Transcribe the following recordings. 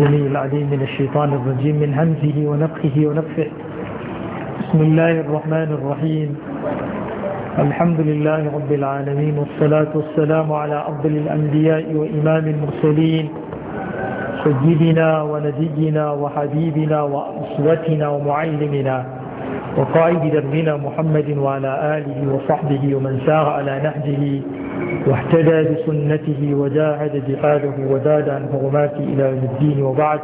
السميع العليم من الشيطان الرجيم من همزه ونفخه ونفخه بسم الله الرحمن الرحيم الحمد لله رب العالمين والصلاة والسلام على أفضل الأنبياء وإمام المرسلين سيدنا ونبينا وحبيبنا وأسوتنا ومعلمنا وقائد دربنا محمد وعلى آله وصحبه ومن سار على نهجه واحتدى بسنته وجاهد جهاده وزاد عن حرماته إلى يوم الدين وبعد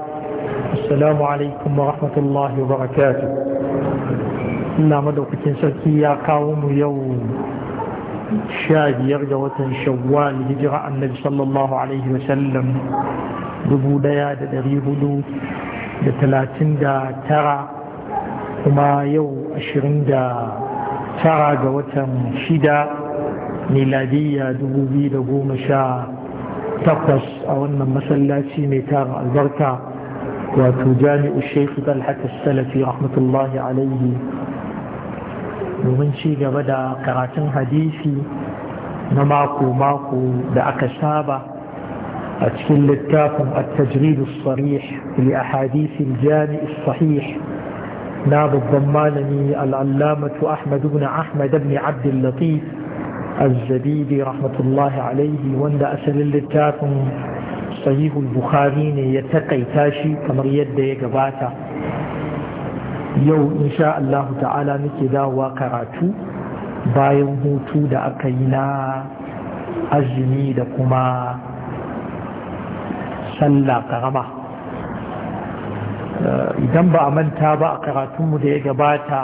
السلام عليكم ورحمة الله وبركاته إلا مدوكة سلكي يا قوم يوم شاد يرجى شوال هجرة النبي صلى الله عليه وسلم دبو يا دري هدو da talatin da tara kuma yau ashirin da tara ga watan ميلادية دبوبي دبو مشاء تقص أو أن مسلاتي ميتاغ البركة وتجاني الشيخ طلحة السلفي رحمة الله عليه ومن شيء غدا قراءة حديثي نماكو ماكو دعك سابة أتكل لتاكم التجريد الصريح لأحاديث الجامع الصحيح ناب الضمانني العلامة أحمد بن أحمد بن عبد اللطيف الزبيدي رحمة الله عليه وند أسل للتاكم صحيح البخاري يتقي تاشي كما يد يقباتا يو إن شاء الله تعالى مكدا وكراتو bayan hutu da aka yi na azumi da kuma sallah karama idan ba a manta ba a karatunmu da ya gabata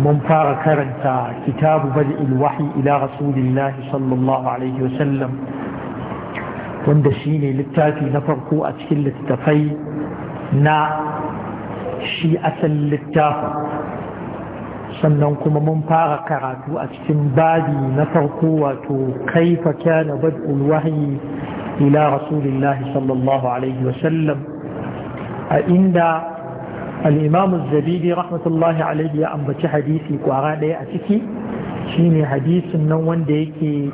mun fara karanta kitabu bad'il wahyi ila rasulillah sallallahu alaihi wasallam wanda shine littafi na farko a cikin littafai na shi asalin littafi sannan kuma mun fara karatu a cikin babi na farko wato kaifa kana bad'ul wahyi ila rasulillah sallallahu alaihi a inda الإمام الزبيدي رحمة ya عليه يا أم بتي حديثي كوارا أتكي hadisin nan wanda yake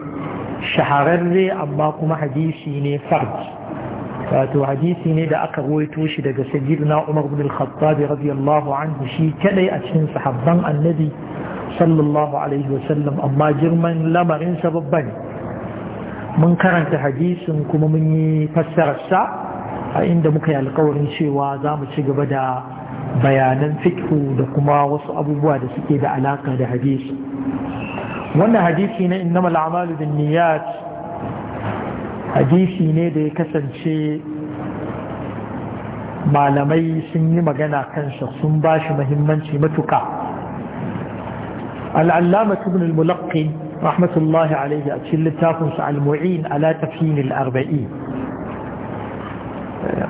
shahararre amma kuma hadisi ne farj wato hadisi ne da aka ruwaito shi daga sayyidina Umar ibn al-Khattab radiyallahu anhu shi kadai a cikin sahabban annabi sallallahu alaihi wa sallam amma girman lamarin sa babban mun karanta hadisin kuma mun yi fassarar a inda muka yi alƙawarin cewa za mu ci gaba da bayanan fiqhu da kuma wasu abubuwa da suke da alaka da hadisi wannan hadisi na inna a'malu bin niyyat hadisi ne da ya kasance malamai sun yi magana kansa sun ba shi muhimmanci matuka al'allama ibn al-mulaqqi rahmatullahi alaihi a cikin littafinsa al-mu'in ala tafhim al-arba'in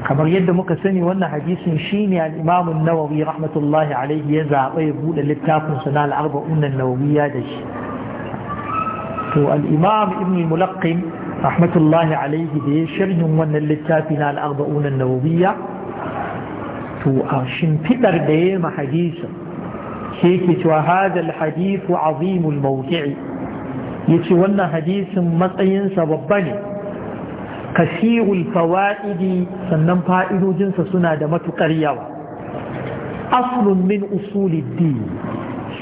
kamar yadda muka sani wannan hadisin shine al-Imam an-Nawawi rahmatullahi alayhi ya zaba ya buɗe littafin sa na al-Arba'un an-Nawawiyya da shi to al-Imam Ibn mulaqqim rahmatullahi alayhi da ya sharhin wannan littafi na al-Arba'un an to a shimfidar da yayi ma hadisin sai yake cewa hadha al-hadithu azimul mawdi'i yace wannan hadisin matsayinsa babba ne kasirul fawa'idi sannan fa'idojinsa suna da matuƙar yawa aslun min usulid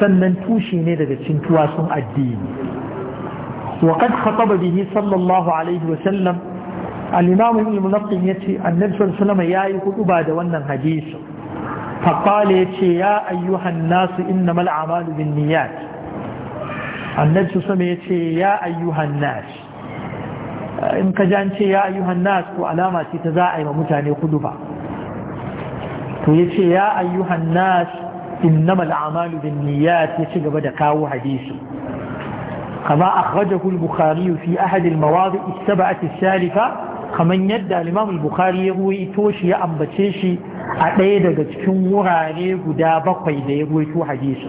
sannan tushe ne daga cikin tuwasun addini wa qad khataba bihi sallallahu alaihi wa sallam al-imam ibn munqin yace annabi sallallahu alaihi wa sallam yayi hutuba da wannan hadisi فقال يتي يا أيها الناس إنما الأعمال بالنيات النبي صلى الله عليه ya ce ya ayyuhan nasu. in ka ji an ce ya ayyuhan nas to alama ce ta za a yi ma mutane kudu ba to ya ce ya ayyuhan nas innamal a'malu bin niyyat ya ci gaba da kawo hadisi كما أخرجه البخاري في أحد المواضع السبعة السالفة kaman yadda Imam al-Bukhari ya ruwaito shi ya ambace shi a ɗaya daga cikin wurare guda bakwai da ya ruwaito hadisi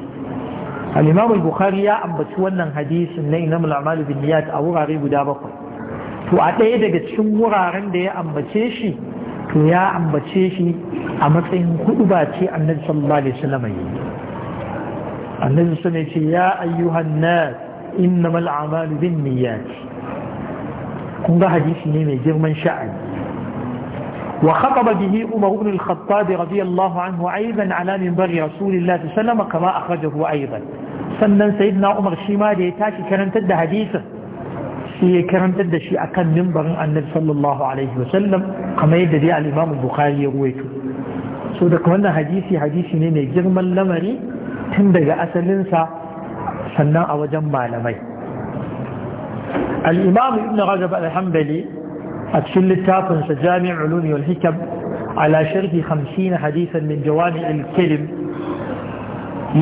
al-Imam al-Bukhari ya ambaci wannan hadisin na Imam al-Amal bin Niyyat a wurare guda bakwai to a ɗaya daga cikin wuraren da ya ambace shi to ya ambace shi a matsayin hudu ba ce annabi sallallahu alaihi wasallam yi annabi sune ce ya ayyuhan nas malama a'malu bin niyyat kun ga hadisi ne mai girman sha'ani wa khataba bihi umar ibn al-khattab radiyallahu anhu aidan ala minbar rasulillahi sallallahu alaihi wasallam kama akhrajahu aidan sannan na umar shi ma da ya tashi karantar da hadisin sai ya karantar da shi akan mimbarin annabi sallallahu alaihi wasallam kamar yadda dai al bukhari ya ruwaito so daga wannan hadisi hadisi ne mai girman lamari tun daga asalinsa sannan a wajen malamai al ibn rajab al a cikin littafinsa jami'ul ulumi wal hikam ala sharhi 50 hadisan min jawami al-kalim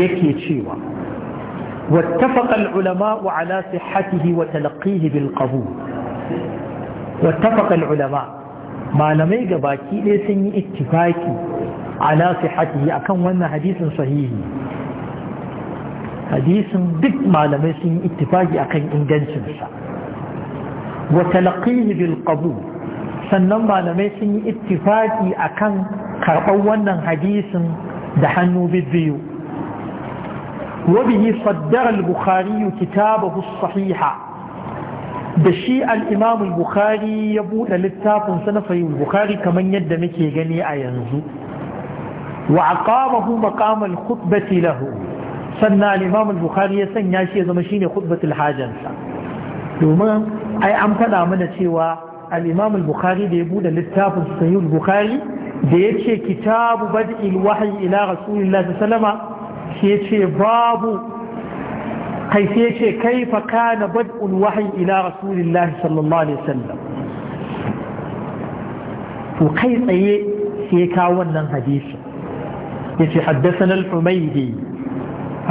yake cewa واتفق العلماء على صحته وتلقيه بالقبول واتفق العلماء ما لم يقباكي ليسن اتفاكي على صحته أكن وانا حديث صحيح حديث دك ما لم يسن اتفاكي أكن انجنسنسا وتلقيه بالقبول sannan malamai sun yi ittifaki akan karɓar wannan hadisin da hannu biyu وبه صدر البخاري كتابه الصحيح دشي الإمام البخاري يبوء للتاب سنفي البخاري كمن يدمك مكي جني أينزو وعقامه مقام الخطبة له سنة الإمام البخاري يسن ياشي زمشين خطبة الحاجة domin أي an faɗa mana cewa al-imam al-bukhari da ya bude littafin sahih al-bukhari da yace kitabu bad'il wahyi ila sai ce babu kai sai ce kaifa kana bad'ul wahyi ila rasulillah sallallahu alaihi wasallam to kai tsaye sai ka wannan hadisi yace haddathana al-humaydi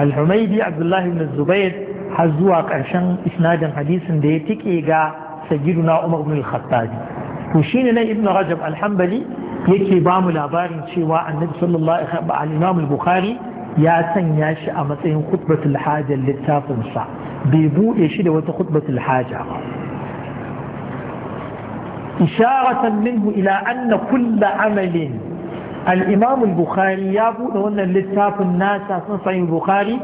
al-humaydi abdullah ibn zubayr har zuwa karshen isnadin hadisin da ya tike ga sayyiduna umar ibn al-khattabi to shine nan ibn rajab al-hanbali yake ba mu labarin cewa annabi sallallahu alaihi al-imam al-bukhari ya sanya shi a matsayin khutbatul hajar littafinsa bai buɗe shi da wata khutbatul haja isharatan minhu ila anna kulla amalin al-imam al-bukhari ya buɗe wannan littafin nasa sun sayin bukhari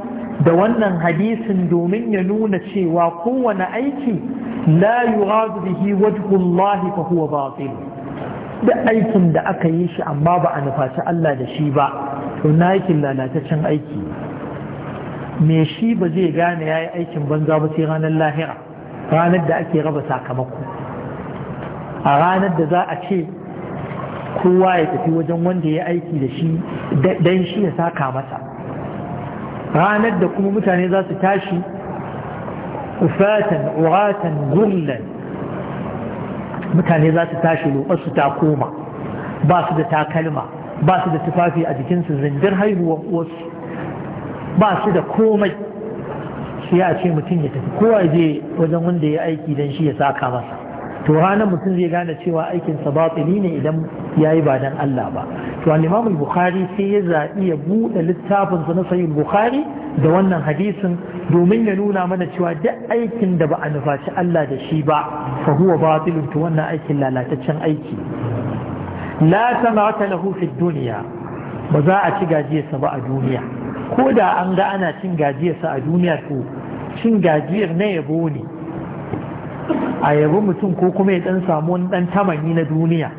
da wannan hadisin domin ya nuna cewa kowane aiki la yuradu bihi wajhullahi fa huwa batil da aikin da aka yi shi amma ba a nufaci Allah da shi ba to na aikin lalataccen aiki me shi ba zai gane ya yi aikin banza ba sai ranar lahira ranar da ake raba sakamako a ranar da za a ce kowa ya tafi wajen wanda ya aiki da shi don shi ya saka masa ranar da kuma mutane za su tashi ufatan uratan gullan mutane za su tashi lokacin su ta koma ba su da takalma ba su da tufafi a jikinsu zindir haihuwar wasu ba su da komai sai a ce mutum ya tafi kowa je wajen wanda ya aiki don shi ya saka masa to ranar mutum zai gane cewa aikinsa batsili ne idan ya yi ba don Allah ba to an bukhari sai ya zaɓi ya buɗe littafinsa na sayin bukhari da wannan hadisin domin ya nuna mana cewa duk aikin da ba a nufaci Allah da shi ba fa huwa batilun to wannan aikin lalataccen aiki la samata lahu fi duniya ba za a ci gajiyarsa ba a duniya ko da an ga ana cin gajiyarsa a duniya to cin gajiyar ne mutum ko kuma ya dan samu wani dan tamani na duniya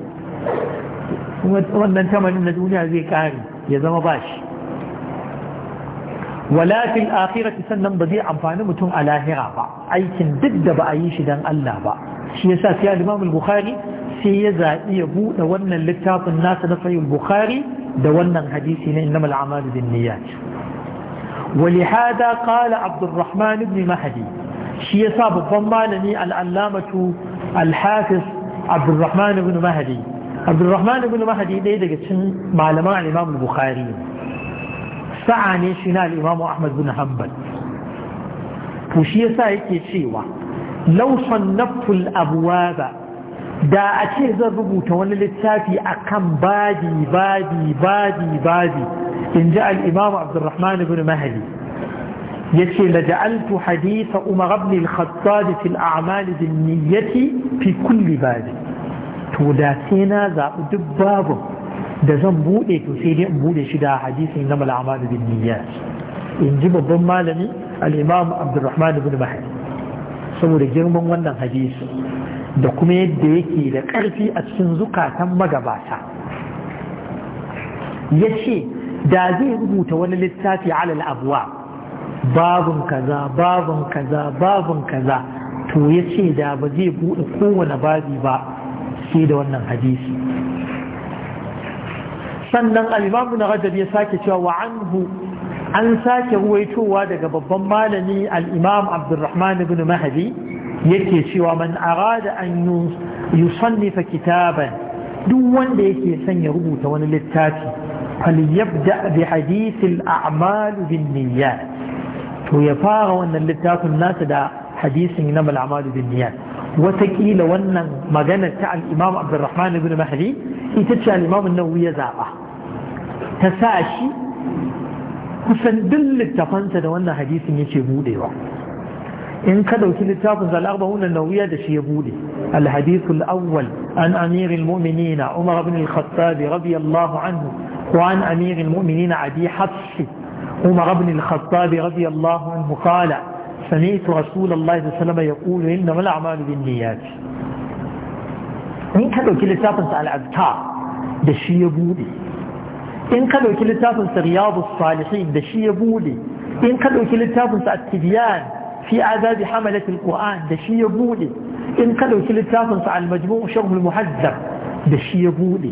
wannan tamanin na duniya zai kare ya zama bashi wala fil akhirati sannan ba zai amfani mutum a lahira ba aikin duk da ba a yi shi dan Allah ba shi yasa sai al-Imam al-Bukhari sai ya zaɓi ya buɗe wannan littafin nasa na sahih bukhari da wannan hadisi na innamal a'malu binniyat ولهذا قال عبد الرحمن بن مهدي شيء صاب ضمانني العلامة الحافظ عبد الرحمن بن مهدي عبد الرحمن بن مهدي ده ده كتن معلماء الإمام البخاري سعني شنا الإمام أحمد بن حنبل وشيء سايك يشيوا لو صنفت الأبواب da a ce zan rubuta wani littafi akan babi babi babi babi in ji al'imamu abdurrahman ibn mahali ya ce la ja'altu hadisa umar ibn al-khattab fil a'mali bin niyyati fi kulli babi to da sai na zaɓi duk babu da zan buɗe to sai dai in buɗe shi da hadisin na mal'amali bin niyyat in ji babban malami al'imamu abdurrahman ibn mahali saboda girman wannan hadisi da kuma yadda yake da ƙarfi a cikin zukatan magabata ya ce da zai rubuta wani littafi alal abuwa babun kaza babun kaza babun kaza to ya ce da ba zai buɗe kowane babi ba sai da wannan hadisi sannan alimamu na rajab ya sake cewa wa anhu an sake ruwaitowa daga babban malami imam abdulrahman ibn mahadi yake cewa man arada an yusannifa kitaban duk wanda yake son ya rubuta wani littafi falyabda bi hadithil a'mal bin niyyat to ya fara wannan littafin nasa da hadisin na mal'amal bin niyyat watakila wannan magana ta al-imam Abdurrahman ibn Mahdi ita ce al-imam an-Nawawi ya zaba ta sa shi kusan duk littafansa da wannan hadisin yake budewa إن كدوا كل التافز الأربعون النووية دشيبولي الحديث الأول عن أمير المؤمنين عمر بن الخطاب رضي الله عنه وعن أمير المؤمنين عدي حفص عمر بن الخطاب رضي الله عنه قال سمعت رسول الله صلى الله عليه وسلم يقول إنما الأعمال بالنيات إن كدوا كل التافز الأذكار دشيبولي in ka ɗauki littafinsa riyadu salihin da shi ya bude in ka ɗauki littafinsa attibiyan fi azabi hamalatul qur'an da shi ya bude in ka ɗauki littafin sa al-majmu' sharh al-muhazzab da shi ya bude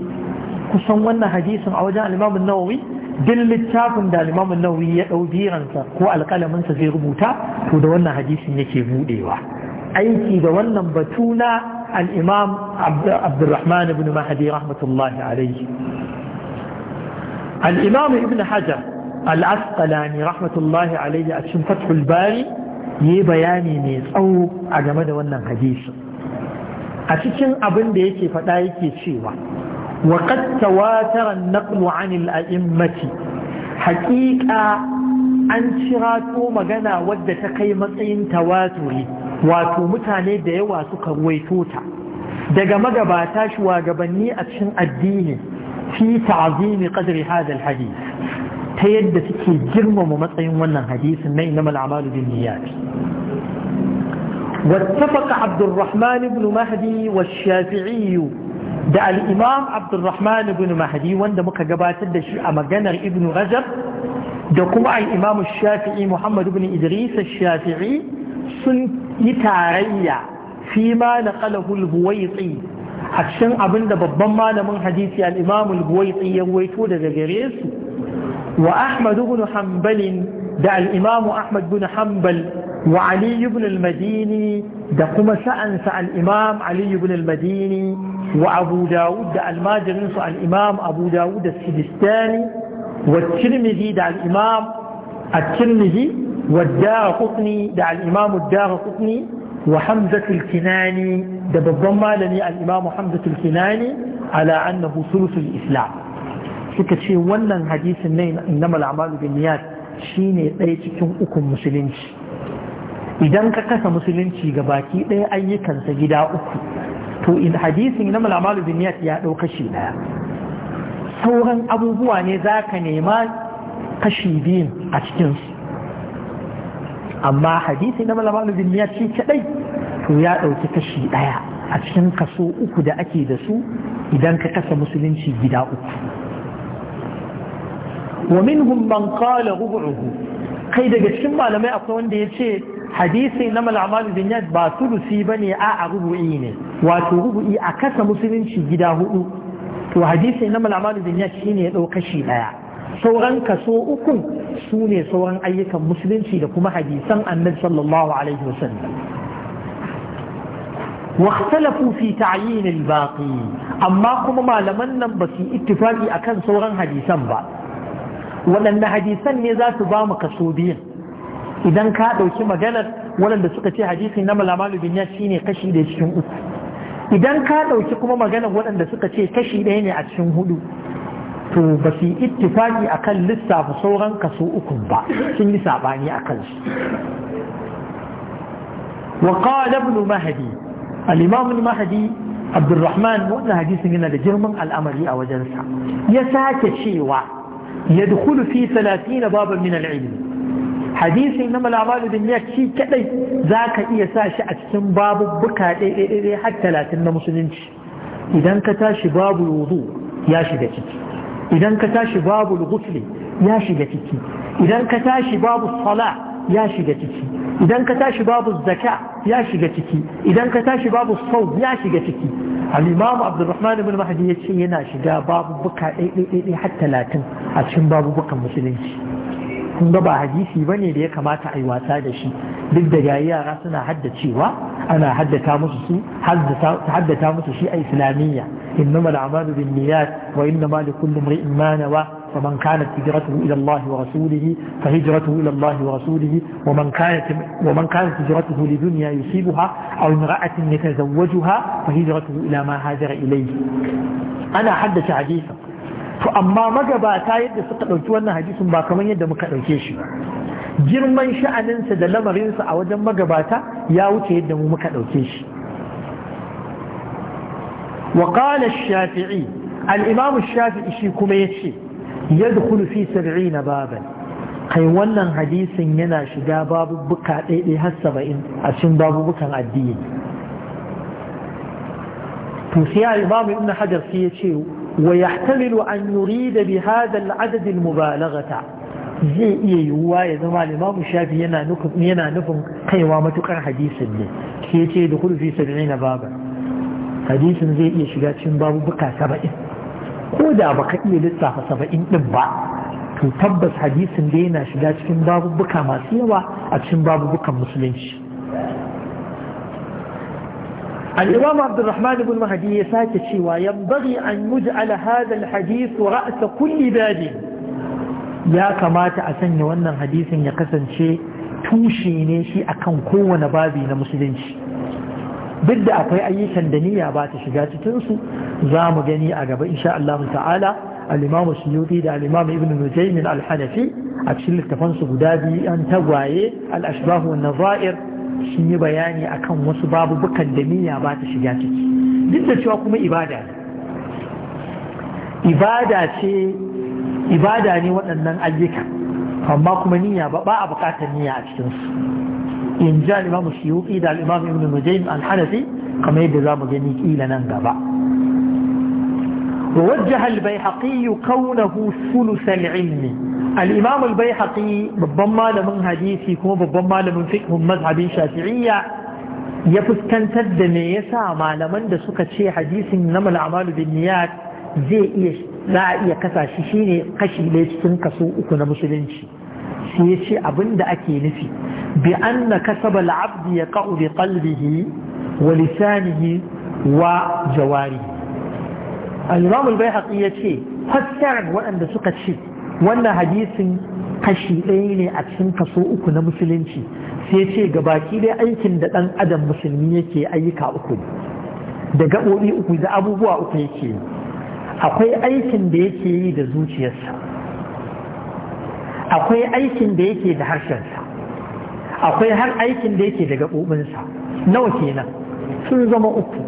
kusan wannan hadisin a wajen al-imam an-nawawi din littafin da al-imam an-nawawi ya dau biransa ko alƙalamin sa zai rubuta to da wannan hadisin yake buɗewa. aiki da wannan batu na al-imam Abdurrahman ibn Mahdi rahmatullahi alayhi al-imam ibn Hajar al-Asqalani rahmatullahi alayhi a cikin Fathul Bari yi bayani mai tsawo a game da wannan hadisi a cikin abin da yake faɗa yake cewa وقد تواتر النقل عن الأئمة حقيقة an shirato magana wadda ta kai matsayin tawaturi wato mutane da yawa suka ruwaito ta daga magabata shugabanni a cikin addini fi ta'zimi qadri hadal hadith ta yadda suke girmama matsayin wannan hadisin na inna mal'amalu bin niyyat wattafaqa abdurrahman ibn mahdi wa shafi'i da al'imam imam abdurrahman ibn mahdi wanda muka gabatar da shi a maganar ibn rajab da kuma al-imam shafi'i muhammad ibn idris shafii sun yi tarayya fi ma naqalahu al-huwaiti a cikin abinda babban malamin hadisi al-imam al ya waito daga gare su wa Ahmad ibn Hanbal da al-Imam Ahmad ibn Hanbal wa Ali ibn madini da kuma sa'ansa al-Imam Ali ibn madini wa Abu Dawud da al-Majrin su Abu Dawud as-Sijistani wa da al-Imam at-Tirmidhi والدار قطني دع الإمام الدار قطني وحمزة الكناني ده بالضمة لني الإمام حمزة الكناني على أنه ثلث الإسلام suka ce wannan hadisin ne na mal'amalu bin shine ɗaya cikin ukun musulunci idan ka kasa musulunci ga baki ɗaya ayyukansa gida uku to in hadisin na mal'amalu bin ya ɗau kashi ɗaya sauran abubuwa ne za ka nema kashi biyun a cikinsu amma hadisi na mal'amalu bin shi kaɗai to ya ɗauki kashi ɗaya a cikin kaso uku da ake da su idan ka kasa musulunci gida uku wa minhum man qala kai daga cikin malamai akwai wanda ya ce hadisi na mal'amal binyat ba ba bane a a rubu'i ne wato rubu'i a kasa musulunci gida hudu to hadisi na mal'amal binyat shine ya dauka shi ɗaya? sauran kaso uku su ne sauran ayyukan musulunci da kuma hadisan annabi sallallahu alaihi wasallam واختلفوا في تعيين الباقي أما كما ما لمن بسي اتفاقي أكن صورا حديثا بعد waɗanne hadisan ne za su ba mu kaso biyun? idan ka ɗauki maganar waɗanda suka ce hadisi na malamalu bin yash ne kashi ɗaya cikin uku idan ka ɗauki kuma maganar waɗanda suka ce kashi ɗaya ne a cikin hudu to ba su yi a akan lissafa sauran kaso uku ba sun yi saɓani a kansu وقال Mahadi, مهدي الإمام المهدي عبد الرحمن hadisin yana da girman al'amari a wajensa ya sake cewa yadkhulu fi 30 babu min al hadisi na a'malu binniyat shi kadai zaka iya sa shi a cikin babubbuka ɗaya har 30 na musulunci idan ka tashi babu wudu ya shiga ciki idan ka tashi babu ghusli ya shiga ciki idan ka tashi babu salah ya shiga ciki idan ka tashi babu zaka ya shiga ciki idan ka tashi babu sau ya shiga ciki al Abdulrahman bin ibn mahdi ya ce yana shiga babubuka ɗaiɗaiɗaiɗai har talatin a cikin babubukan musulunci kun ga ba hadisi ba ne da ya kamata a yi wasa da shi duk da yayi yara suna haddacewa ana haddata musu su shi a islamiyya innama al'amalu bin niyyat wa innama likulli imrin ma nawa فمن كانت هجرته إلى الله ورسوله فهجرته إلى الله ورسوله ومن كانت, ومن كانت هجرته لدنيا يصيبها أو امرأة يتزوجها فهجرته إلى ما هاجر إليه أنا حدث حديثا فأما جبا تايد سقطت وانا حديث باكما يد مكاركيش girman sha'aninsa da lamarinsa a wajen magabata ya wuce yadda mu muka ɗauke shi الشافعي qala shafi'i يدخل في سبعين بابا حيوانا حديث ينا شقا باب بكا ايه السبعين إيه عشان باب بكا الدين توسيع الإمام ابن حجر سيشيو ويحتمل أن يريد بهذا العدد المبالغة زي ايه يواي ذو الإمام الشافي ينا نفهم ينا نفهم قيوامة كان حديث لي سيشي دخل في سبعين بابا حديث زي ايه شقا شن باب بكا سبعين ko da baka iya lissafa saba'in ɗin ba to tabbas hadisin da yana shiga cikin babubuka masu yawa a cikin babubukan musulunci الإمام عبد الرحمن بن مهدي يساك شوى ينبغي أن يجعل هذا الحديث رأس كل باب يا كما تأسن وأن الحديث يقسن شيء توشي نيشي أكن قوة بابي نمسلين شيء duk da akwai ayyukan da niyya ba ta shiga cikinsu za mu gani a gaba insha Allah ta'ala al-imamu suyuti da al-imamu ibn mujaymin al-hanafi a cikin littafansu guda biyu an tagwaye al-ashbahu wan nazair sun yi bayani akan wasu babubukan da niyya ba ta shiga ciki duk da cewa kuma ibada ibada ce ibada ne waɗannan ayyuka amma kuma niyya ba a buƙatar niyya a cikinsu in ja imamu shiyuki da al'imam ibn nujaym al-hanafi kamar yadda za mu gani kila ووجه البيحقي كونه ثلث العلم الإمام البيحقي ببما لمن حديثي كما ببما لمن فقه مذهب شافعية يفسكن تدم يسا ما لمن دسوك سكة حديث نما الأعمال بالنيات زي إيش لا إيه كسا شيشيني قشي ليش تنكسو أكون مسلمشي sai ya ce abinda ake nufi bi anna kasaba al-abd yaqa'u bi wa lisanihi wa jawari al-imam al-bayhaqi ya ce fassarar waɗanda suka ce wannan hadisin kashi ɗaya ne a cikin kaso uku na musulunci sai ce ga baki dai aikin da ɗan adam musulmi yake ayyuka uku da gaɓoɓi uku da abubuwa uku yake akwai aikin da yake yi da zuciyarsa akwai aikin da yake da harshensa akwai har aikin da yake da gaɓoɓinsa nawa kenan sun zama uku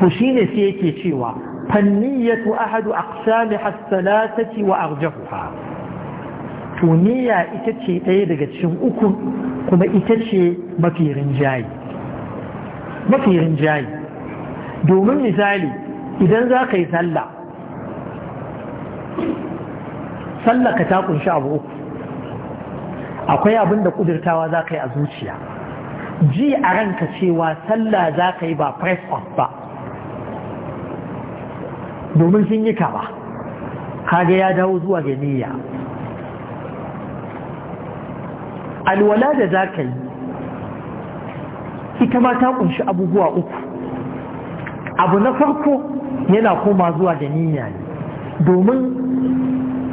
to shine sai yake cewa fanniyatu ahadu aqsami hasanatati wa arjahuha to niyya ita ce ɗaya daga cikin uku kuma ita ce mafi rinjaye mafi rinjaye domin misali idan za ka yi sallah sallaka ta kunshi abu uku akwai abin da kudirtawa za ka yi a zuciya ji a ranka cewa sallah za ka yi ba press off ba domin sun yi kama kaga ya dawo zuwa ga niyya alwala da za ka yi ita ma ta kunshi abubuwa uku abu na farko yana koma zuwa da niyya ne domin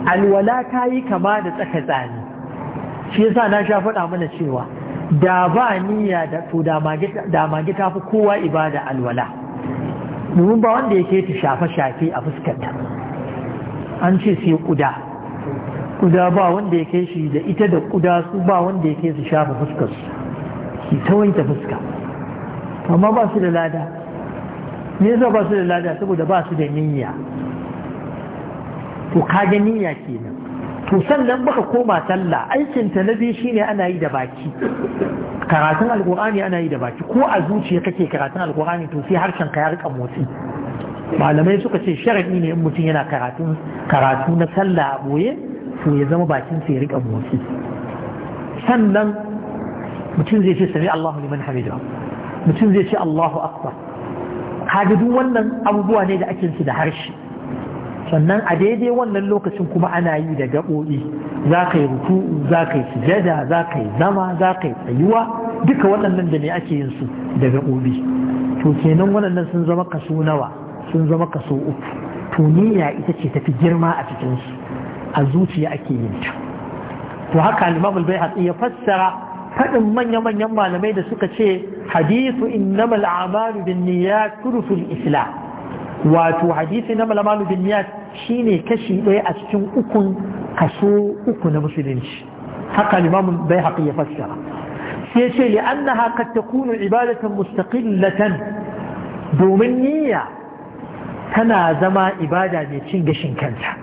alwala ta yi kama da tsaka tsani shi yasa na sha faɗa mana cewa da ba niyya da to da mage ta fi kowa ibada alwala domin ba wanda yake ta shafe-shafe a fuskarta an ce sai kuda kuda ba wanda yake shi da ita da kuda su ba wanda yake su shafe fuskarsu su ta wanke fuska amma ba su da lada ne yasa ba su da lada saboda ba su da niyya to kaga niyya kenan to sannan baka koma sallah aikin ta na biyu shine ana yi da baki karatun alkur'ani ana yi da baki ko a zuciya kake karatun alkur'ani to sai harshen ka ya rika motsi malamai suka ce sharadi ne in mutum yana karatun karatu na sallah a boye to ya zama bakin sa ya rika motsi sannan mutum zai ce sami Allahu liman hamida mutum zai ce Allahu akbar kaga duk wannan abubuwa ne da ake su da harshe sannan a daidai wannan lokacin kuma ana yi da gaɓoɓi za ka yi ruku'u za ka yi sujada za ka yi zama za ka yi tsayuwa duka waɗannan da ne ake yin su da gaɓoɓi to kenan waɗannan sun zama kaso nawa sun zama kaso uku to niyya ita ce tafi girma a cikin su a zuciya ake yin ta to haka al bai al ya fassara faɗin manya-manyan malamai da suka ce hadithu innamal a'malu bin niyyat turful islam wato hadisi na malamalu bin niyas shine kashi ɗaya a cikin ukun kaso uku na musulunci haka limamun bai haƙi ya fassara sai ce li an na haka ta kunu ibadatan mustaqillatan domin niyya tana zama ibada mai cin gashin kanta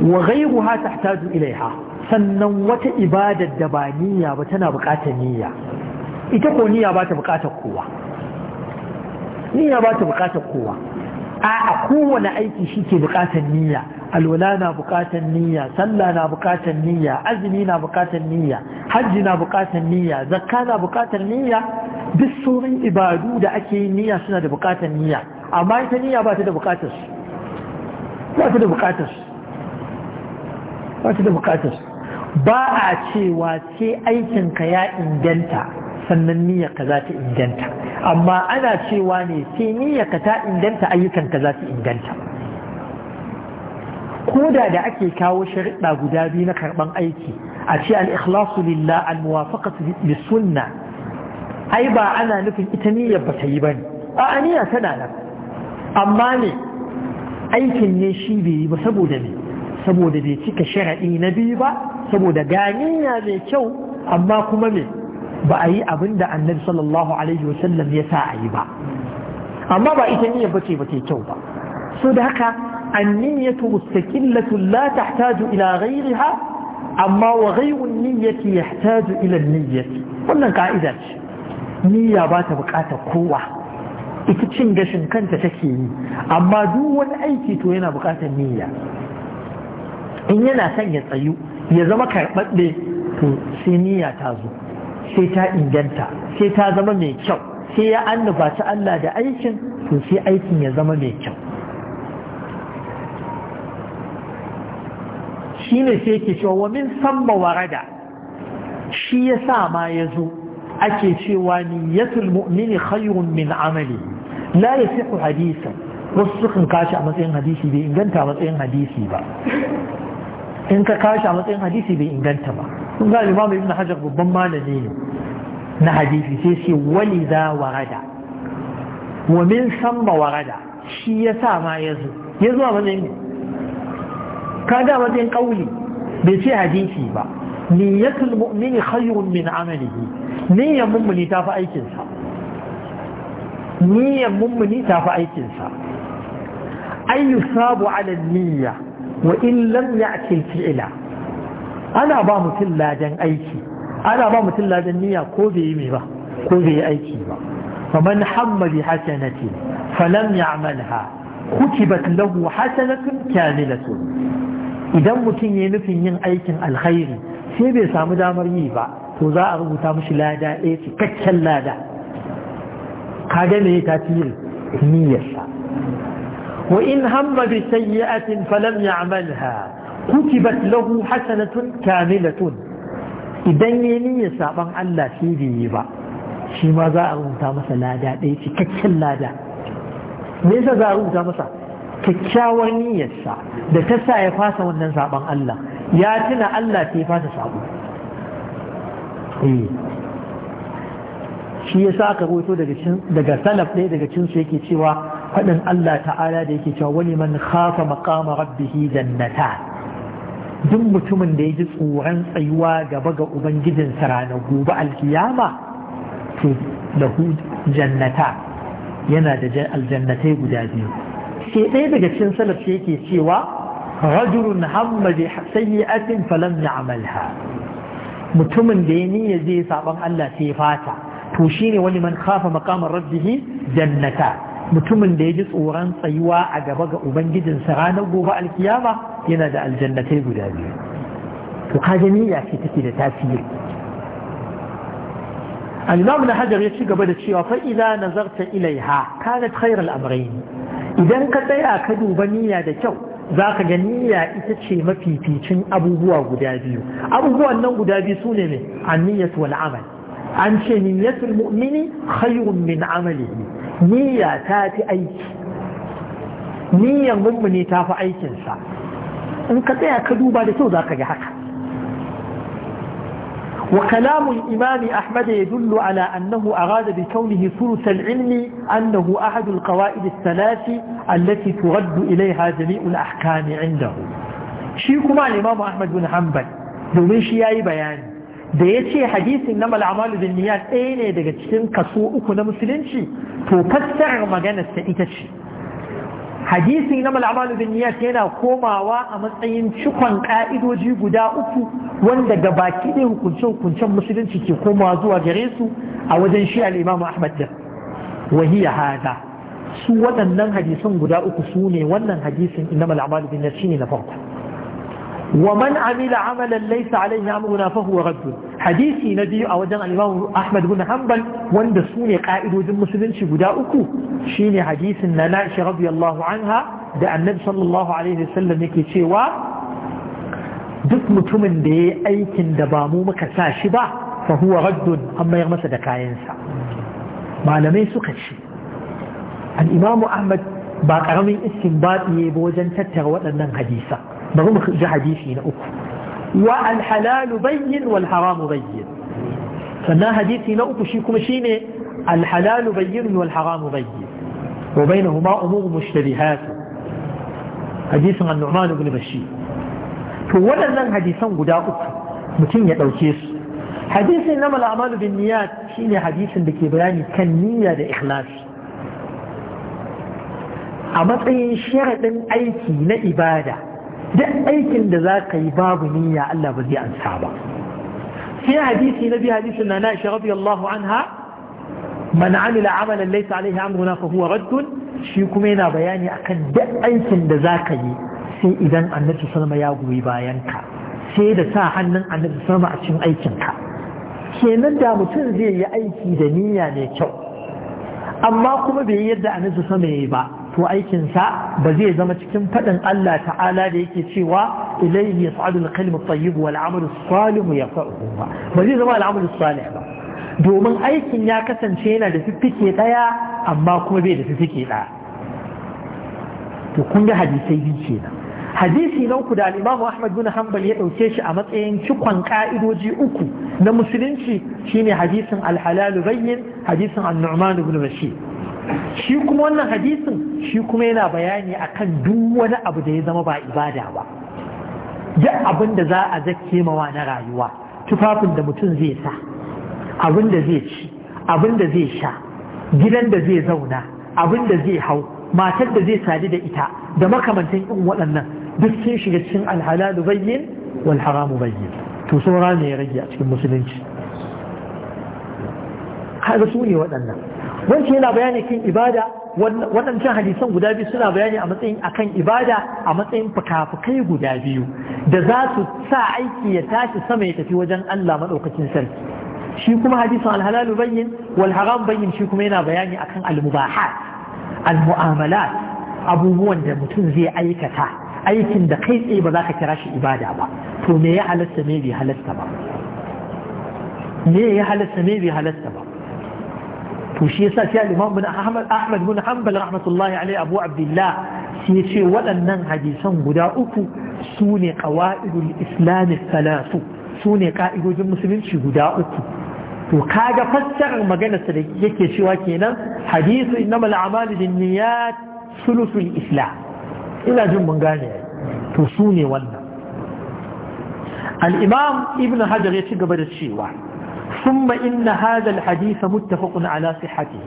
wa gairu ha tahtaju ilaiha sannan wata ibadar da ba niyya ba tana buƙatar niyya ita ko niyya ba ta buƙatar kowa niyya ba ta bukatar kowa a kowane aiki shi ke bukatar niyya alwala na bukatar niyya sallah na bukatar niyya azumi na bukatar niyya hajji na bukatar niyya zakka na bukatar niyya duk sauran ibadu da ake yi niyya suna da bukatar niyya amma ita niyya ba ta da bukatar su ba ta da bukatar su ba ta da bukatar su ba a cewa sai aikinka ya inganta sannan niyyarka za ta inganta amma ana cewa ne sai niyyarka ta inganta ayyukanka za ta inganta ko da ake kawo sharuɗa guda biyu na karban aiki a ce al-ikhlasu lillah al-muwafaqatu bis ai ba ana nufin ita niyyar ba ta yi bane a niyya tana nan amma ne aikin ne shi bai yi ba saboda me. saboda bai cika sharaɗi na biyu ba saboda ganiya mai kyau amma kuma me. ba a yi abin da annabi sallallahu alaihi wasallam ya sa a yi ba amma ba ita niyyar bace ba ta kyau ba so da haka anniyatu mustaqillatu la tahtaju ila ghayriha amma wa ghayru niyyati yahtaju ila niyyati wannan ka'ida ce niyya ba ta buƙatar kowa ita cin gashin kanta take yi amma duk wani aiki to yana bukatar niyya in yana son ya tsayu ya zama karɓaɓɓe to sai niyya ta zo sai ta inganta sai ta zama mai kyau sai ya annaba ta Allah da aikin to sai aikin ya zama mai kyau shine sai yake cewa wa min warada shi ya sa ma ya zo ake cewa niyyatul mu'mini khayrun min amali la yasihu hadisan wasu sukan kashi a matsayin hadisi bai inganta a matsayin hadisi ba in ka kashi a matsayin hadisi bai inganta ba kun ga imamu ibn hajar babban malami ne na hadisi sai ce wali za warada wa min samma warada shi ya sa ma ya zo ya zo a matsayin kaga a kauli bai ce hadisi ba niyyatul mu'mini khayrun min amalihi niyyar mummuni ta fi aikinsa niyyar mummuni ta fi aikinsa ayyu sabu ala niyya wa in lam ya'ti fi'ila ana ba mutum ladan aiki ana ba mutum ladan niyya ko bai yi mai ba ko bai yi aiki ba faman hamma bi hasanati falam ya'malha kutibat lahu hasanatun kamilatun idan mutum ya nufin yin aikin alkhairi sai bai samu damar yi ba to za a rubuta mishi lada ɗaya cikakken lada ka ga me tasiri niyyarsa wa in hamma bi sayyi'atin falam ya'malha kutibat lahu hasanatun kamilatun idan ya niyya saban Allah shi bai yi ba shi ma za a rubuta masa lada ɗaya cikakken lada me yasa za a rubuta masa kyakkyawar niyyarsa da ta sa ya fasa wannan saban Allah ya tuna Allah sai fasa sabo eh. shi yasa aka rawaito daga salaf ɗaya daga cinsu yake cewa faɗin Allah ta'ala da yake cewa wani man khafa maqama rabbih jannatan duk mutumin da ya ji tsoron tsayuwa gaba ga ubangijinsa ranar gobe alkiyama to lahu jannata yana da aljannatai guda biyu sai ɗaya daga cikin salaf yake cewa rajulun hamma bi sayyi'atin falam ya'malha mutumin da ya niyya zai saban Allah sai fata to shine wani man khafa maqama rabbih jannata mutumin da ya ji tsoron tsayuwa a gaba ga ubangijinsa ranar gobe alkiyama yana da aljannatai guda biyu to kaga niyya ce take da tasiri al-imam na hajar ya ci gaba da cewa fa idza nazarta ilaiha kanat khayr al-amrayn idan ka tsaya ka duba niyya da kyau zaka ga niyya ita ce mafificin abubuwa guda biyu abubuwan nan guda biyu sune ne an-niyyat wal amal an ce niyyatul mu'mini khayrun min amalihi niyya ta fi aiki niyyar mummuni ta fi aikinsa in ka tsaya ka duba da kyau za ka ga haka wa kalamun imami ahmad ya dullu ala annahu arada bi kaunihi surutan ilmi annahu ahadul qawaid salafi allati turaddu ilaiha jami'ul ahkami indahu shi kuma imamu ahmad bin hanbal domin shi yayi bayani da ya ce hadisin na mal'amalu bin niyar ɗaya ne daga cikin kaso uku na musulunci to fassarar maganar ta ita ce hadisi na mal'amalu bin niyyat yana komawa a matsayin cikon ka'idoji guda uku wanda ga baki ɗaya hukunce-hukuncen musulunci ke komawa zuwa gare su a wajen shi al ahmad din wahiya hada su waɗannan hadisan guda uku su ne wannan hadisin na mal'amalu bin niyyat shine na farko ومن عمل عملا ليس عليه أمرنا فهو رد حديثي نبي أو جن الإمام أحمد بن حنبل وند سوني قائد وجن مسلم شبدا أكو شيني حديث النائشة رضي الله عنها da annabi sallallahu alaihi wasallam yake cewa duk mutumin da ya aikin da ba mu muka sa shi ba fa huwa raddun an mayar masa da kayansa malamai suka ce al imam ahmad ba karamin istinbati ne ba wajen tattara waɗannan hadisa بغم جهدي فينا أكو والحلال بين والحرام بين فما هديث فينا أكو شيكم شينا الحلال بين والحرام بين وبينهما أمور مشتبهات حديث عن نعمان بن بشير فولا لن حديثا قد أكو متين يتلو كيس حديث إنما الأعمال بالنيات شيني حديث بكي بياني لإخلاص أما تقين شيرة من أيتي لإبادة duk aikin da za ka yi babu niyya Allah ba zai ansa ba sai hadisi na bi hadisi na na Allah an anha man amila amalan laysa alaihi amruna fa huwa raddun shi kuma yana bayani akan duk aikin da za ka yi sai idan annabi sallama ya goyi bayan ka sai da sa hannun annabi sallama a cikin aikin ka kenan da mutum zai yi aiki da niyya mai kyau amma kuma bai yi yadda annabi ya yi ba to aikinsa ba zai zama cikin faɗin Allah ta'ala da yake cewa ilayhi yas'adu al-kalmu wal amalu salihu yafa'uhu ba ba zai zama al salih ba domin aikin ya kasance yana da fiffike daya amma kuma bai da fiffike daya to kun ga hadisai biyu kenan hadisi na uku da al-Imam Ahmad bin Hanbal ya dauke shi a matsayin cikon ka'idoji uku na musulunci shine hadisin al-halal bayyin hadisin an-Nu'man ibn Bashir shi kuma wannan hadisin shi kuma yana bayani akan duk wani abu da ya zama ba ibada ba duk abin da za a zake mawa na rayuwa tufafin da mutum zai sa abin da zai ci abin da zai sha gidan da zai zauna abin da zai hau matar da zai sadu da ita da makamantan in waɗannan duk sun shiga cikin alhalalu bayyin wal haramu bayyin to saura ne ya rage a cikin musulunci kaga su ne waɗannan wancan yana bayani kan ibada waɗancan hadisan guda biyu suna bayani a matsayin akan ibada a matsayin fuka-fukai guda biyu da za su sa aiki ya tashi sama ya tafi wajen Allah maɗaukacin sarki shi kuma hadisan alhalalu bayyin wal bayyin shi kuma yana bayani akan al almu'amalat, abubuwan da mutum zai aikata aikin da kai tsaye ba za ka kira shi ibada ba to me ya halasta me bai halasta ba me ya halasta me bai halasta ba to shi yasa sai al-imam bin ahmad ahmad bin hanbal rahmatullahi alaihi abu abdullah shi yace waɗannan hadisan guda uku sune qawaidul islam thalathu sune ka'idojin musulunci guda uku to kaga fassarar maganar sa da yake cewa kenan hadisu innamal a'malu binniyat sulusul islam ina jin mun gane to sune wannan al-imam ibn hajar ya ci gaba da cewa ثم إن هذا الحديث متفق على صحته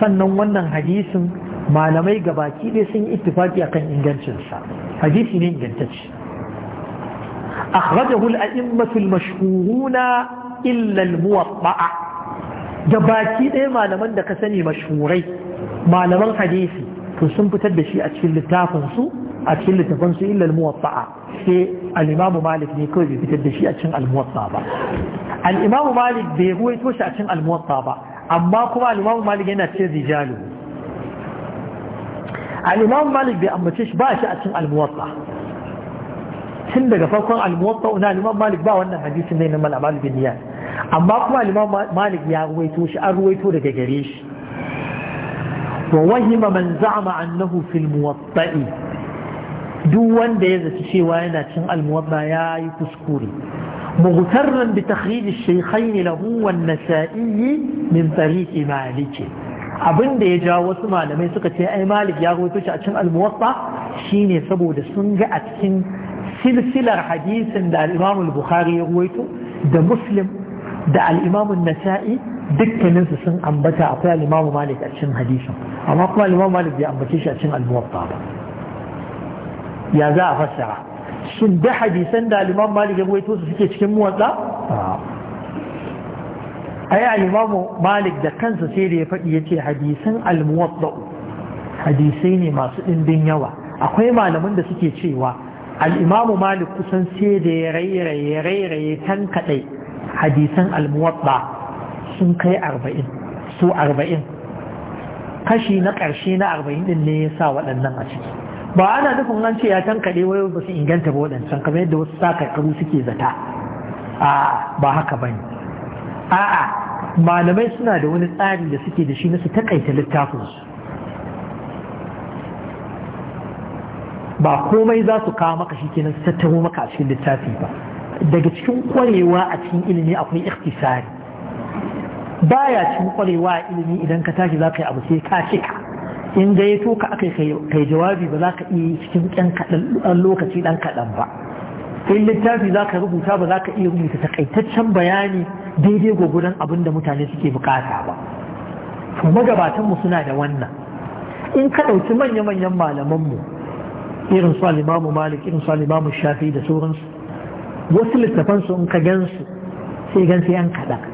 sannan wannan hadisin malamai gabaki ɗaya sun yi ittifaki akan ingancinsa hadisi ne ingantacce akhrajahu al-a'immatu al-mashhuruna illa al-muwatta'a gabaki ɗaya malaman da ka sani mashhurai malaman hadisi to sun fitar da shi a cikin littafin su a cikin littafin su illa al-muwatta'a sai al-imamu malik ne kawai bai fitar da shi a cikin al-muwatta ba al'imamu malik bai ruwaito shi a cin almuwatta ba amma kuma al'imamu malik yana ce rijalu al'imamu malik bai ambace shi ba shi a cin almuwatta tun daga farkon almuwatta una al'imamu malik ba wannan hadisin ne na malamal bin amma kuma al'imamu malik ya ruwaito shi an ruwaito daga gare shi wa wahima man za'ama annahu fil muwatta'i duk wanda ya zaci cewa yana cin almuwatta ya yi kuskure مغترا بتخريج الشيخين له والنسائي من طريق مالك abin da ya jawo wasu malamai suka ce ai malik ya rawaito shi a cikin almuwatta shine saboda sun ga a cikin silsilar hadisin da al-Imam al-Bukhari ya rawaito da Muslim da al-Imam an-Nasa'i dukkanin su sun ambata akwai al-Imam Malik a cikin hadisin amma kuma al-Imam Malik bai ambace shi a cikin al-Muwatta ba ya za a fassara shin da hadisan da liman malik ya ruwaito su suke cikin muwatsa a yi alimamu malik da kansa sai da ya faɗi ya ce hadisan almuwatsa hadisai ne masu ɗindin yawa akwai malaman da suke cewa al'imamu malik kusan sai da ya rairaye rairaye tan kaɗai hadisan almuwatsa sun kai arba'in su arba'in kashi na ƙarshe na arba'in ɗin ne ya sa waɗannan a ciki ba ana nufin an ce ya tankade wai ba su inganta ba waɗancan kamar yadda wasu sakarkaru suke zata a ba haka bane a'a malamai suna da wani tsari da suke da shi na su takaita littafinsu ba komai za su kawo maka shi kenan su tattaro maka a cikin littafi ba daga cikin kwarewa a cikin ilimi akwai ikhtisari baya cikin kwarewa a ilimi idan ka tashi za ka yi abu sai ka cika in ga ya toka aka kai jawabi ba za ka iya cikin ɗan lokaci ɗan kaɗan ba in littafi za ka rubuta ba za ka iya rubuta takaitaccen bayani daidai gwagwadon abin da mutane suke bukata ba to magabatanmu suna da wannan in ka ɗauki manya-manyan mu irin su alimamu malik irin su alimamu shafi da sauransu wasu littafansu in ka gansu sai gan yan kaɗan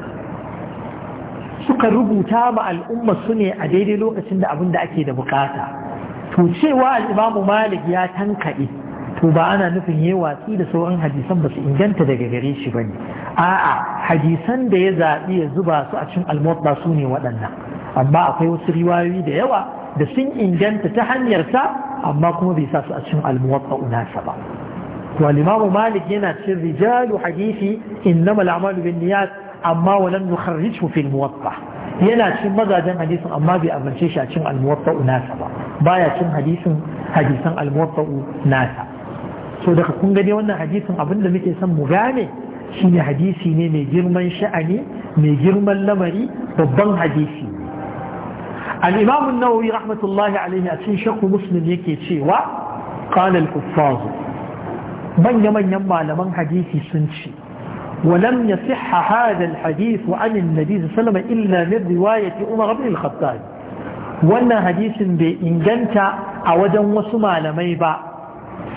suka rubuta ma al'umma su ne a daidai lokacin da abin da ake da bukata to cewa al'imamu malik ya tankaɗe to ba ana nufin yi watsi da sauran hadisan ba su inganta daga gare shi ba ne a'a hadisan da ya zaɓi ya zuba su a cin almuwatta su ne waɗannan amma akwai wasu riwayoyi da yawa da sun inganta ta hanyarsa amma kuma bai sa su a cikin almuwatta unasa ba to al malik yana cin rijalu hadisi innamal a'malu bin niyyat amma walam mu fil muwatta yana cin mazajen hadisin amma bai amince shi a cin al nasa ba baya cin hadisin hadisan al nasa so daga kun gani wannan hadisin abinda muke son mu gane shine hadisi ne mai girman sha'ani mai girman lamari babban hadisi الإمام النووي رحمة الله عليه أسين شق مسلم يكي تشيوا قال الحفاظ manya يمن يمع لمن حديثي سنشي ولم يصح هذا الحديث عن النبي صلى الله عليه وسلم إلا من رواية عمر بن الخطاب wannan hadisin bai inganta a wajen wasu malamai ba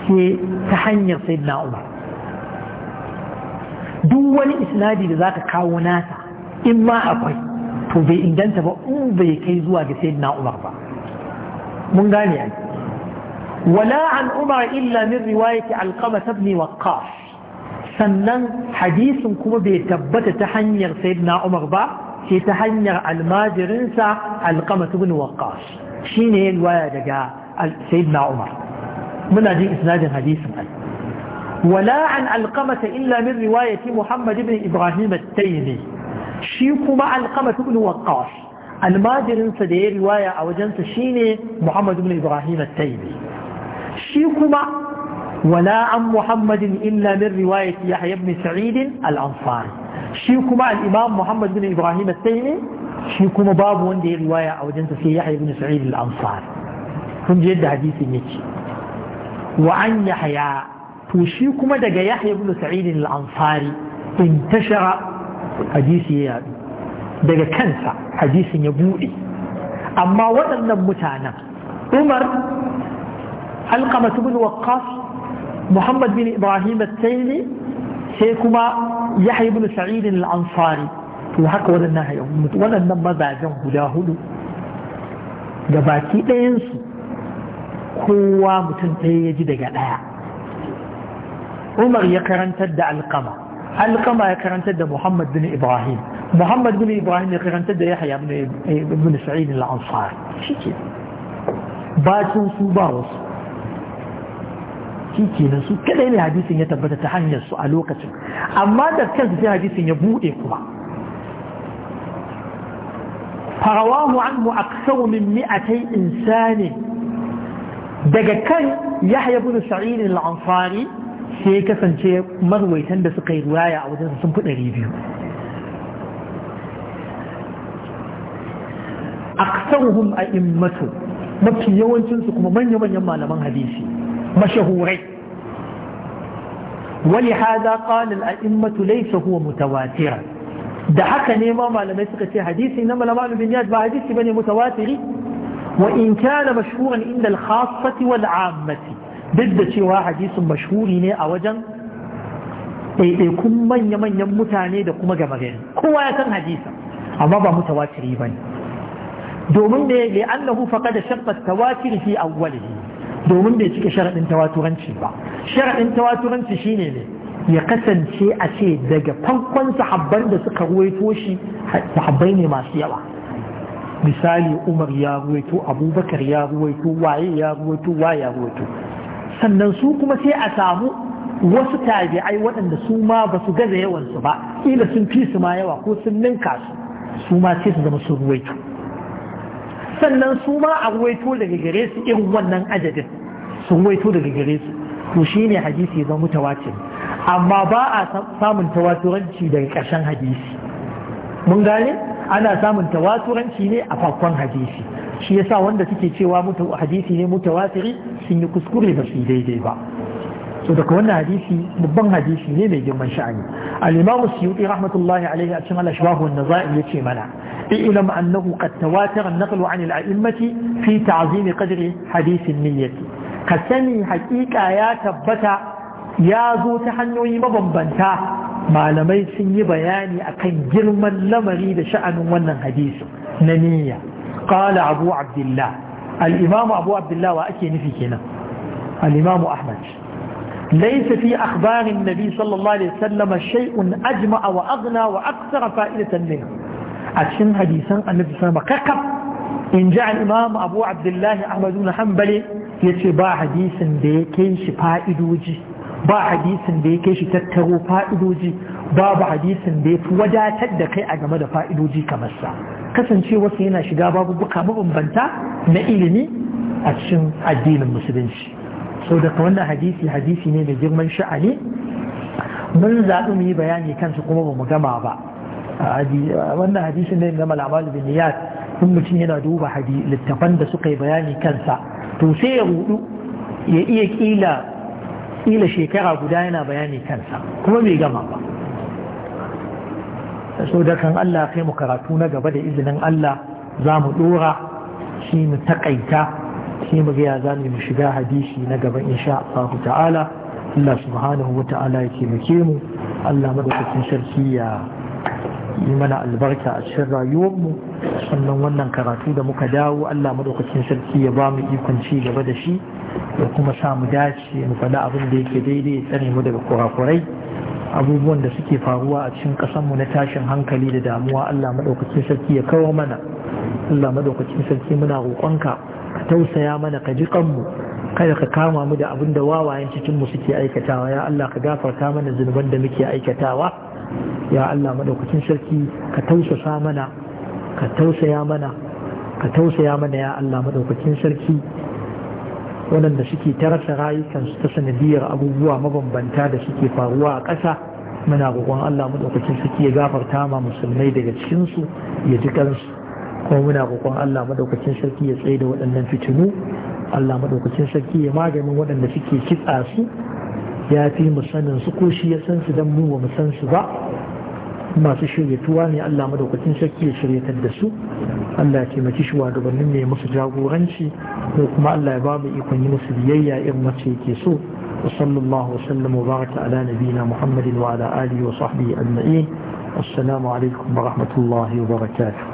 sai ta hanyar na umar duk wani isnadi da ka kawo nasa in ma akwai to bai inganta ba in bai kai zuwa ga na umar ba mun gane ai wala an umar illa min riwayati alqama ibn waqqas sannan hadisin kuma bai tabbata ta hanyar sayyidina umar ba sai ta hanyar almajirinsa alkama ibn shi ne riwaya daga sayyidina umar muna jin isnadin hadisin ai wala an alqamata illa min riwayati muhammad ibn ibrahim at shi kuma alkama ibn waqqas almajirinsa da ya riwaya a wajensa shine muhammad ibn ibrahim at shi kuma ولا عن محمد إلا من رواية يحيى بن سعيد الأنصاري شيكما الإمام محمد بن إبراهيم التيمي شيكما باب وندي رواية أو جنت في يحيى بن سعيد الأنصاري هم جد حديث يتشي وعن يحيى توشيكما دقى يحيى بن سعيد الأنصاري انتشر حديث يابي دقى كنسى حديث يبوئي أما وأن متانا عمر علقمة بن وقاص muhammad bin ibrahim al-taili sai kuma yahya ibn sa'id al-ansari to haka waɗannan hayan waɗannan mazajen guda hudu da baki ɗayansu kowa mutum ɗaya ya ji daga ɗaya umar ya karantar da alkama alkama ya karantar da muhammad bin ibrahim muhammad bin ibrahim ya karantar da su ba wasu shi kenan su kadai ne hadisin ya tabbata ta hanyar su a lokacin amma da kansu sai hadisin ya bude kuma farawahu anhu aksaru min mi'atai insani daga kan yahya bin sa'id al-ansari sai kasance marwaitan da suka yi ruwaya a wajen sun fi 200 a a'immatu mafi yawancinsu kuma manya-manyan malaman hadisi mashahurai wani haza ƙalil a'immatu laisa huwa mutawatira da haka ne ma malamai suka ce hadisi na malaman bin yad ba hadisi bane mutawatiri wa in kana mashhuran inda al-khassati wal 'ammati duk da cewa hadisin mashhuri ne a wajen ɗaiɗaikun manya-manyan mutane da kuma gama gari kowa ya san hadisa amma ba mutawatiri bane domin ne li annahu faqad shaqqa at-tawatir fi awwalihi domin bai cika sharaɗin tawaturanci ba sharaɗin tawaturanci shine ne ya kasance a ce daga farkon sahabban da suka ruwaito shi sahabbai ne masu yawa misali umar ya ruwaito abubakar ya ruwaito waye ya ruwaito waye ya ruwaito sannan su kuma sai a samu wasu tabi'ai waɗanda su ma ba su gaza yawansu ba ila sun fi su ma yawa ko sun ninka su su ma sai su zama sun ruwaito sannan su ma a waito daga gare su irin wannan ajadin su waito daga gare su to shi ne hadisi ya zama tawacin amma ba a samun tawaturanci daga ƙarshen hadisi mun gane ana samun tawaturanci ne a farkon hadisi shi yasa wanda suke cewa hadisi ne mutawatiri sun yi kuskure ba su daidai ba so daga wannan hadisi babban hadisi ne mai girman sha'ani al-imam suyuti rahmatullahi alaihi a cikin al-ashbah an-naza'i yace mana ilam annahu qad tawatara an-naqlu 'an al-a'immati fi ta'zim qadri hadith an-niyyati ka sani haqiqa ya tabbata ya zo ta hanyoyi mabambanta malamai sun yi bayani akan girman lamari da sha'anin wannan hadisi na niyya qala abu abdullah al abu abdullah wa ake nufi kenan al-imam ahmad ليس في أخبار النبي صلى الله عليه وسلم شيء أجمع وأغنى وأكثر فائدة منه أتشن حديثا النبي صلى الله عليه وسلم إن جاء الإمام أبو عبد الله أحمد بن حنبل يتي با حديث ديكيش فائدوجي با حديث ديكيش تترو فائدوجي باب حديث ديك وداتد كي أجمد فائدوجي كمسا kasance wasu yana shiga babu buka mabambanta na ilimi a cikin addinin musulunci so daka wannan hadisi hadisi ne mai girman sha'ani mun zaɓi mu yi bayani kansu kuma ba mu gama ba wannan hadisin ne na labarin bin niyat in mutum yana duba littafan da suka yi bayani kansa to sai ya rudu ya iya kila kila shekara guda yana bayani kansa kuma bai gama ba so da kan Allah kai mu karatu na gaba da izinin Allah za mu dora shi mu takaita sai mu ga za mu shiga hadisi na gaba insha Allah ta'ala Allah subhanahu wa ta'ala ya taimake mu Allah madaukakin sarki ya yi mana albarka a cikin rayuwarmu sannan wannan karatu da muka dawo Allah madaukakin sarki ya ba mu ikon ci gaba da shi da kuma sa mu dace mu faɗa abin da yake daidai tsare mu daga kurakurai abubuwan da suke faruwa a cikin mu na tashin hankali da damuwa Allah madaukakin sarki ya kawo mana Allah madaukakin sarki muna roƙonka ka tausaya mana ka ji kanmu kada ka kama mu da abin da wawayen cikin mu suke aikatawa ya Allah ka gafarta mana zunuban da muke aikatawa ya Allah madaukakin sarki ka tausasa mana ka tausaya mana ka tausaya mana ya Allah madaukakin sarki Wannan da suke ta rasa rayukansu ta sanadiyar abubuwa mabambanta da suke faruwa a ƙasa muna roƙon Allah madaukakin sarki ya gafarta ma musulmai daga cikinsu ya ji kansu kuma muna roƙon Allah madaukakin sarki ya tsaye da waɗannan fitinu Allah madaukakin sarki ya maganin waɗanda suke kitsa su ya fi mu sanin su ko shi ya san su dan mu ba mu san su ba masu shiryatuwa ne Allah madaukakin sarki ya shiryatar da su Allah ya taimaki shi wa gabanin ne musu jagoranci ko kuma Allah ya ba mu ikon yi musu biyayya irin wacce yake so وصلى الله وسلم وبارك على نبينا محمد وعلى آله وصحبه أجمعين والسلام عليكم ورحمة الله وبركاته